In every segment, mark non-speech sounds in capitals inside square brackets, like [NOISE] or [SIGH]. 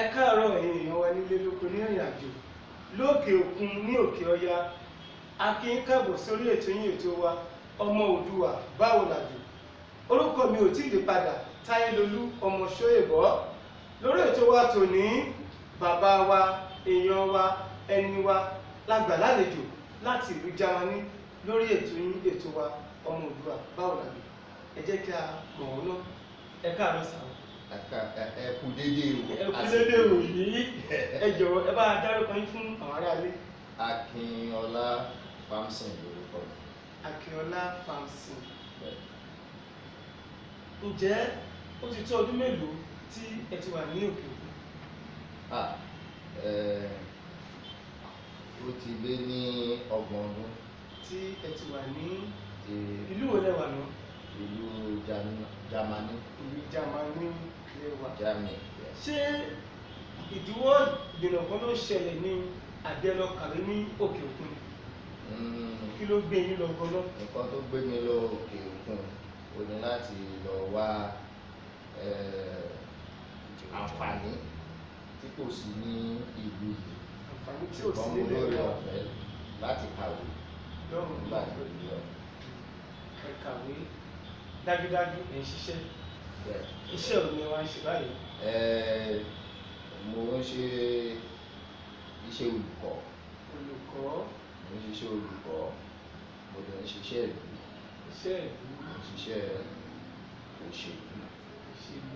ẹ káàárọ̀ ẹ̀yin èèyàn wa nílé lóko ní ìrìn àjò lókè òkun ní òkè ọya a kí ń káàbọ̀ sórí ètò yín ètò wa ọmọ òdùwà báwo làjò orúkọ mi ò tíì dé padà táyé lolú ọmọ ṣóyèbọ lórí ètò wa tòní bàbá wa èèyàn wa ẹni wa lágbà láti ìlú Jámánì lórí ètò yín ètò wa ọmọ òdùwà báwo làjò ẹ jẹ́ kí a mọ̀ ọ́ náà ẹ káàárọ̀ sàwọn ẹkùn dédé o ẹkùn dédé o yìí ẹ jọ̀wọ́ ẹ bá a dárúkọ yín fún àwọn aráalé. Akínọlá Famson lórúkọ mi. Akínọlá Famson. ǹjẹ́ ó ti tó ọdún mélòó tí ẹ ti wà ní òkè òkun. ó ti lé ní ọgbọ̀n ọdún. tí ẹ ti wà ní ìlú wo náà ìlú Jámánì. ìlú Jámánì lè wà. Germany. ṣé ìdíwọ́ ìdènà kan ló ṣẹlẹ̀ ní àdẹ́lọ kàrí ní òkè òkun? Hmm. kí ló gbé yín lọ gbọ́dọ̀? nǹkan tó gbé mi lọ òkè òkun ò ní láti lọ wá àǹfààní tí kò sí ní ìlú yìí. àǹfààní tí ò sí nílé rẹ̀ ọ̀fẹ́ láti kàwé. lọ́rùn nígbà tó yẹ. ẹ kàwé dájúdájú ẹ̀ ń ṣiṣẹ́ iṣẹ́ ò ní wá ń ṣe báyìí. mo ń ṣe iṣẹ́ olùkọ́ olùkọ́ mo ń ṣiṣẹ́ olùkọ́ mo ń ṣiṣẹ́ ìlú iṣẹ́ ìlú ṣiṣẹ́ òṣèlú òṣèlú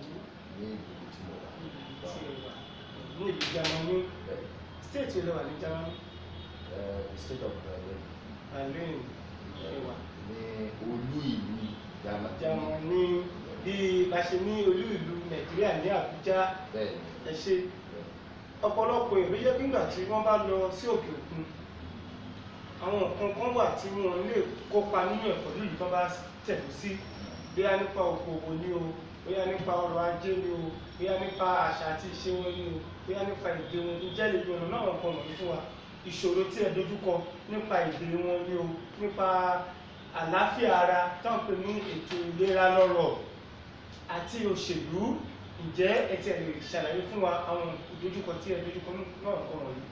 ní ìlú tí mo wà ní ìlú Jámánì state ìlú wà ní Jámánì. state of Berlin. Berlin ìwà. ní olú ìlú yìí jàmọ́ ní bí bá ṣe ní olú ìlú nàìjíríà ní àbújá ẹ ṣe ọ̀pọ̀lọpọ̀ èrò jẹ́ nígbà tí wọ́n bá lọ sí òkè òkun àwọn nǹkan kan wà tí wọ́n lè kópa nínú ẹ̀kọ́ lóyún tó bá tẹ̀lé sí bóyá nípa okòwò ni o bóyá nípa ọrọ̀ ajé ni o bóyá nípa àṣà àti ìṣe wọn ni o bóyá nípa èdè wọn ni jẹ́ lè yọ̀nà náà wọn kan wọ̀nyí fún wa ìṣòro tí ẹ dojúkọ nípa èdè wọn ni o nípa àláfíà ara tán pè ní ètò ìlera lọ́rọ̀ àti òṣèlú ǹjẹ́ ẹ ti lè ṣàlàyé fún wa àwọn ìdojúkọ tí ẹ dojúkọ náà kọ wọ̀nyí.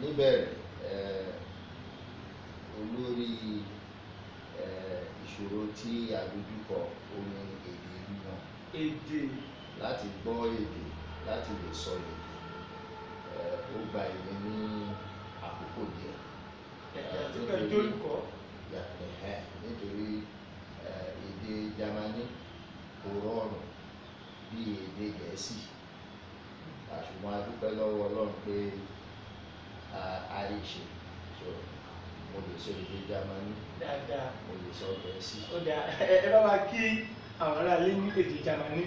níbẹ̀ olórí ìṣòro tí àdojúkọ omi èdè lílọ. èdè. láti gbọ́ èdè láti lè sọ èdè ó gba èmi ní àkókò díẹ̀. ẹ̀ka tó kẹ́ dórúkọ. Japan nítorí èdè Jámánì kò rọrùn bí èdè Gẹ̀ẹ́sì ṣùgbọ́n a dúpẹ́ lọ́wọ́ Ọlọ́run pé a rí ṣe mo lè sọ èdè Jámánì mo lè sọ Gẹ̀ẹ́sì. ó dáa ẹ bá wa kí àwọn ará ilé ní èdè Jámánì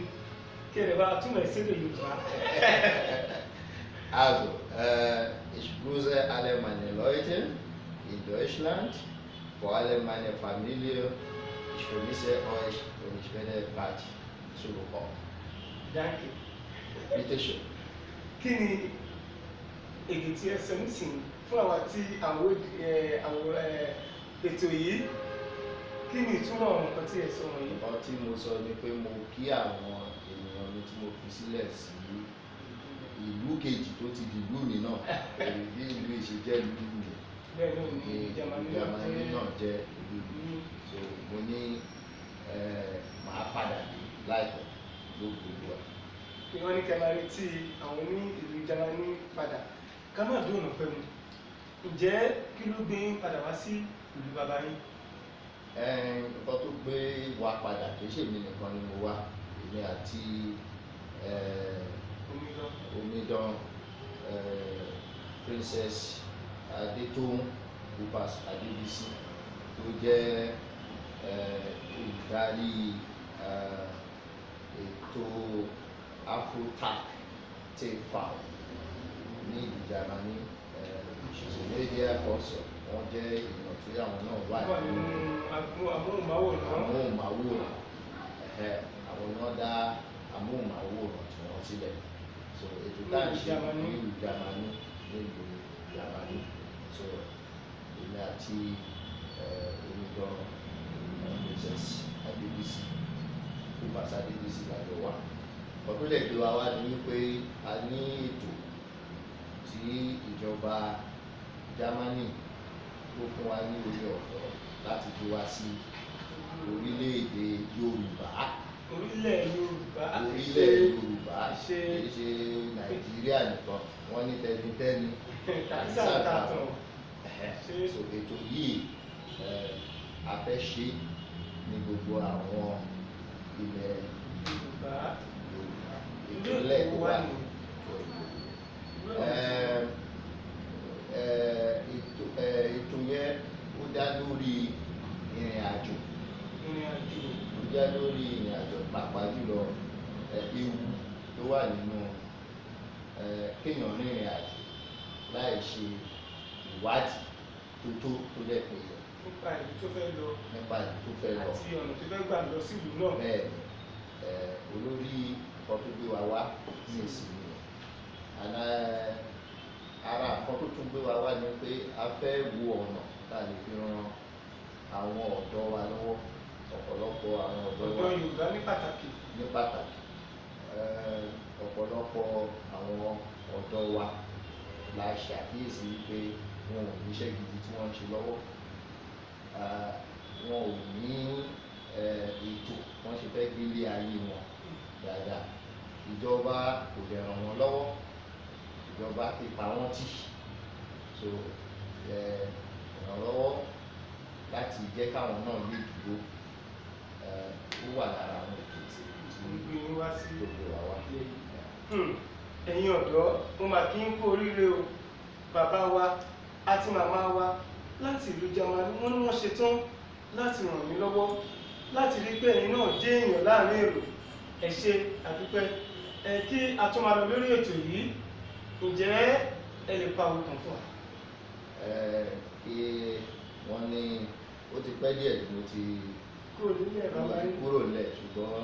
kí ẹ bá túmọ̀ sí èdè Yorùbá. Also, äh, ich grüße alle meine Leute in Deutschland vor allem meine Familie. Ich vermisse euch und ich werde bald zurückkommen. Danke. Bitte schön. Kini, èyí tí ẹ sọ nísìnyí fún àwa tí àwọn ètò e, e, yìí kí ni ìtumọ̀ àwọn nǹkan tí ẹ sọ wọ̀nyí. nǹkan tí mo sọ ni pé mo kí àwọn ènìyàn mi tí mo fi ìlú kejì tó ti di ìlú náà èyí bí ìlú ìṣèjẹ́ ìlú mi. [LAUGHS] ní Jámánì náà jẹ́ ìlú mi mm-hmm. so mo ní màá padà dé láìpẹ́ lóògbé wa. ìwọ́n ní kẹlẹ́ retí àwọn ní ìlú Jámánì padà ká má dùn ọ̀nà pẹ́ ǹjẹ́ kí ló gbé padà wá sí ìlú bàbá yín. nǹkan tó gbé wa padà kì í ṣèmi nìkan ni mo wá èmi àti omidan princess adétóhùn rufus adébísí tó jẹ́ olùdarí ètò afrotac tefal ní ìjàmbá ní ìṣẹ̀ṣẹ̀ media ẹ̀kọ́sọ̀ wọ́n jẹ́ ìmọ̀ tí àwọn náà wà ní amóhùnmáwòrán àwọn náà dá amóhùnmáwòrán tí wọ́n sílẹ̀ so ètò táà ń ṣe ní ìlú Jámánì ní ìlú Jámánì so èmi àti omidan eh, mrs adébísí lukas adébísí làjọ wá ọ̀pẹ́lẹ̀ ìlú wa wá ní wípé a ní ètò tí ìjọba Jámánì tó fún wa ní orí ọ̀fẹ́ láti gbé wá sí orílẹ̀-èdè Yorùbá orílẹ̀ Yorùbá orílẹ̀ Yorùbá ṣe ṣe Nàìjíríà nìkan wọ́n ní tẹnitẹ́ni [LAUGHS] tàbísà tààtàn so ètò yìí eh, a fẹ́ ṣe ní gbogbo àwọn ilẹ̀ Yorùbá ìpínlẹ̀ tó wà ní eh, eh, ètò yẹn ó dá lórí ìrìn àjò ìjà lórí ìrìn àjò pàápàá jùlọ ewu tó wà nínú kéèyàn rìnrìn àjò láì ṣe ìwádìí tó tó tó dẹ̀ pé yẹ. nípa ìlú tó fẹ́ lọ nípa ìlú tó fẹ́ lọ àti ọ̀nà tó fẹ́ gbà lọ sí ìlú náà. bẹ́ẹ̀ olórí nǹkan tó gbé wa wá ní ìsinmi àná ara nǹkan tó tún gbé wa wá ni pé a fẹ́ wo ọ̀nà tá a lè fi ran àwọn ọ̀dọ́ wa lọ́wọ́ ọ̀pọ̀lọpọ̀ àwọn ọ̀dọ́ wa ọ̀dọ́ Yorùbá ní pàtàkì ní pàtàkì ọ̀pọ̀lọpọ̀ àwọn ọ̀dọ́ wa la ṣàkíyèsí pé wọn ò níṣẹ́ gidi tí wọ́n ń ṣe lọ́wọ́ wọn ò ní ètò wọ́n ṣe fẹ́ gbélé ayé wọn dáadáa ìjọba kò lè ràn wọ́n lọ́wọ́ ìjọba ti pa wọ́n tì so ìrànlọ́wọ́ láti jẹ́ káwọn náà lè dúró ó wà lára àwọn ètò tí gbé yín wá sí gbogbo àwa. Hmm. ẹ̀yin ọ̀dọ́ mo mà kí n kú oríire o bàbá wa àti màmá wa láti ìlú jamani wọ́n ní wọ́n ṣetán láti ràn mí lọ́wọ́ láti rí pé ẹ̀yin náà jẹ́ èèyàn láàrin èrò ẹ ṣé àdúpẹ́ ẹ kí a tún máa lọ lórí ètò yìí ǹjẹ́ ẹ lè pa òkun fún wa. ẹ ẹ wọ́n ní ó ti pẹ́ díẹ̀ tí ti kúrò nílẹ̀ ṣùgbọ́n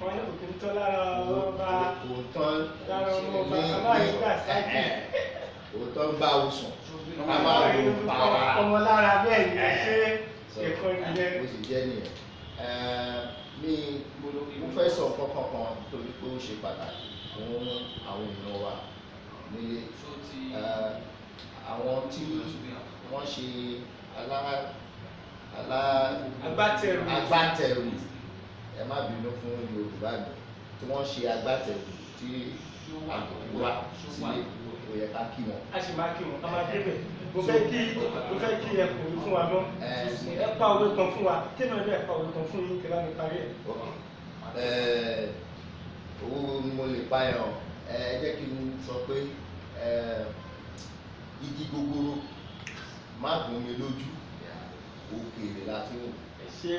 wọn ní kòkè tán lára ọba lára ọba aláàyè gbà sáàkì òótọ́ ń bá o sùn ká má lo bàbá ọmọ lára bẹ́ẹ̀ ni ṣé ẹ̀kọ́ ìjẹ́. ó sì jẹ́ nìyẹn mi mo fẹ́ sọ kọ́kọ́ kan torí pé ó ṣe pàtàkì fún àwọn èèyàn wa nílé àwọn tí wọ́n ṣe alára agbátẹrù ẹ má bínú fún Yorùbá mi tí wọ́n ṣe agbátẹrù tí àkókò sílé kò yẹ ká kí wọn. a sì máa kí wọn a máa débẹ̀ mo fẹ́ kí mo fẹ́ kí ẹ kò fún wa náà ẹ pa òwe kan fún wa kí ni ọdún ẹ pa òwe kan fún yín kí lánàá parí ẹ. owó mo lè pa ẹ̀ hàn ẹ jẹ́ kí n sọ pé igi gogoro má gún mi lójú òkèèrè láti wò. ṣé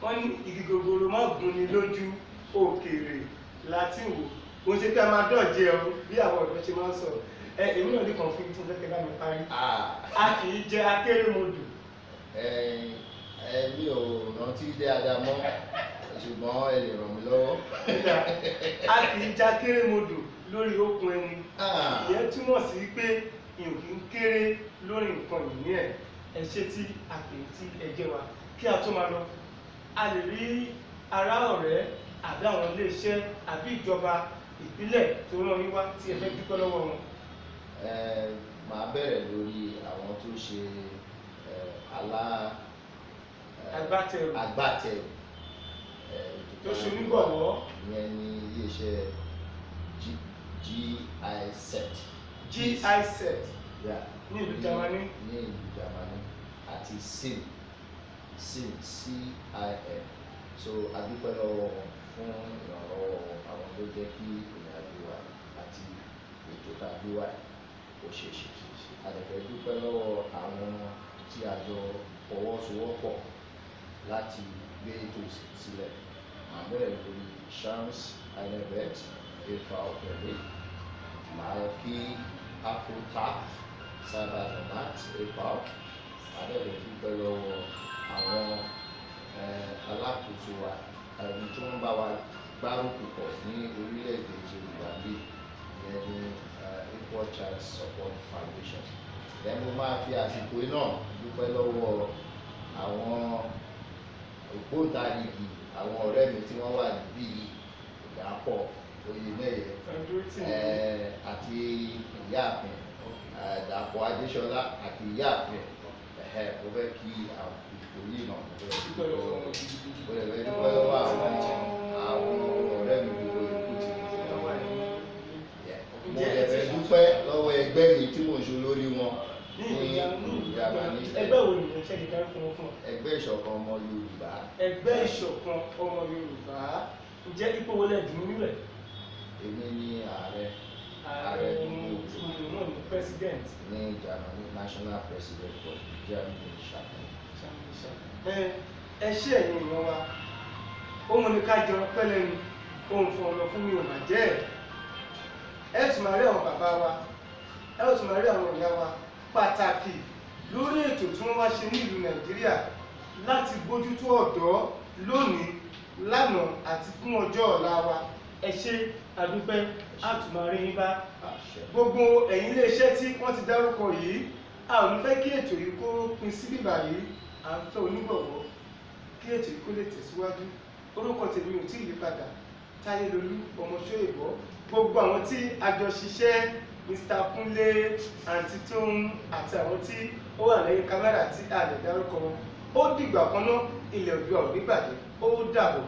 wọ́n ní igi gogoro mọ́ gún ni lójú òkèèrè láti wò mo ṣe pé a máa dọ̀jẹ́ o bí àwọn ọ̀dọ́ ṣe máa ń sọ̀rọ̀ ẹ èmi náà ní kàn fún ibi tí mo fẹ́ kẹ́ bá mi parí a kì í jẹ akérèmọdò. ẹ̀mí ò rántí dáadáa mọ́ ṣùgbọ́n ẹ lè ràn mí lọ́wọ́. a kì í jẹ akérèmọdò lórí okùn ẹni ìyẹn túmọ̀ sí pé ìyókì ń kéré lórí nǹkan ìní ẹ̀ ẹ ṣe tí a pè tí ẹ jẹ́ wa kí a tó máa lọ a lè rí ará ọ̀rẹ́ àbí àwọn iléeṣẹ́ àbí ìjọba ìpínlẹ̀ tó rán yín wá tí ẹ fẹ́ dúpẹ́ lọ́wọ́ wọn. ẹ máa bẹ̀rẹ̀ lórí àwọn tó ṣe alá agbátẹrù agbátẹrù tó ṣe onígbọ̀wọ́ ìyẹn ní iléeṣẹ́ GIZ. GIZ ní ìlú Jámánì ní ìlú Jámánì àti sim sim cim so adúpẹ́ lọ́wọ́ wọn fún ìrànlọ́wọ́ àwọn tó jẹ́ kí ìrìnàjò wa àti ètò tá a gbé wà ó ṣe ṣe àdẹ̀fẹ́ dúpẹ́ lọ́wọ́ àwọn tí a jọ fọwọ́sowọ́pọ̀ láti gbé ètò sílẹ̀ màá bẹ̀rẹ̀ lórí Shams ainevet efa ọ̀pẹ̀lẹ̀ màá afrotax Sandra Thomas Ekpao adẹ́rẹ́ dúpẹ́ lọ́wọ́ àwọn alákòóso wa ẹni tó ń bá wa gbárùkù pọ̀ ní orílẹ̀-èdè Yorùbá bíi ìyẹn ní Equal Child Support Foundation. Ìyẹn mo máa fi àsìkò náà dúpẹ́ lọ́wọ́ àwọn ògbóǹtarìgì àwọn ọ̀rẹ́ mi tí wọ́n wà níbí ìdápọ̀ oyè mẹ́yẹ àti ìyáàfin. Dàpọ̀ Adéṣọlá àti ìyáàfin ẹ̀ mo fẹ́ kí àwọn ìpò yìí náà mo fẹ́ kí mo lè fẹ́ dúpẹ́ lọ́wọ́ àwọn àwọn ọ̀rẹ́ mi gbogbo ìkú ti mo fẹ́ lọ́wọ́ ẹ̀ mo lè fẹ́ dúpẹ́ lọ́wọ́ ẹgbẹ́ mi tí mo ṣe olórí wọn ní ìjàmbá ní ẹgbẹ́ wo ni ìrìnsẹ̀ ti darí fún wọn fún ọ. ẹgbẹ́ ìṣọ̀kan ọmọ Yorùbá. ẹgbẹ́ ìṣọ̀kan ọmọ Yorùbá ǹjẹ́ ipò wọlé ẹ̀dùn nílẹ̀. èmi ni ààrẹ ààrẹ tó ń náà ní president. ní Germany national president for Germany ṣàkóso. ẹ ṣe ẹ̀yin ìran wa òun ni ká jẹun pẹ́lẹ́nu òun fún ọ lọ fún mi ò mà jẹ́ ẹ̀ ẹ tún máa rí àwọn bàbá wa ẹ tún máa rí àwọn ìyá wa pàtàkì lórí ètò tí wọ́n wá ṣe ní ìlú Nàìjíríà láti bójútó ọ̀dọ́ lónìí lánàá àti fún ọjọ́ ọ̀la wa ẹ ṣé adúpẹ́ àtùmọ̀rí yín bá gbogbo ẹ̀yin iléeṣẹ́ tí wọ́n ti dárúkọ yìí a ò ní fẹ́ kí ètò yìí kó pin sí bíbà yìí à ń fẹ́ onígbọ̀wọ́ kí ètò yìí kó lè tẹ̀síwájú orúkọ tèmi ò tí ì yípadà táyélolú ọmọ ṣóyèbọ gbogbo àwọn tí a jọ ṣiṣẹ́ mr kúnlé àǹtí tóun àti àwọn tí ó wà lẹ́yìn kámẹ́rà tí a lè dárúkọ wọn ó dìgbà kan náà ilẹ̀ òdua ò ní bàjẹ́ ó dàbọ̀.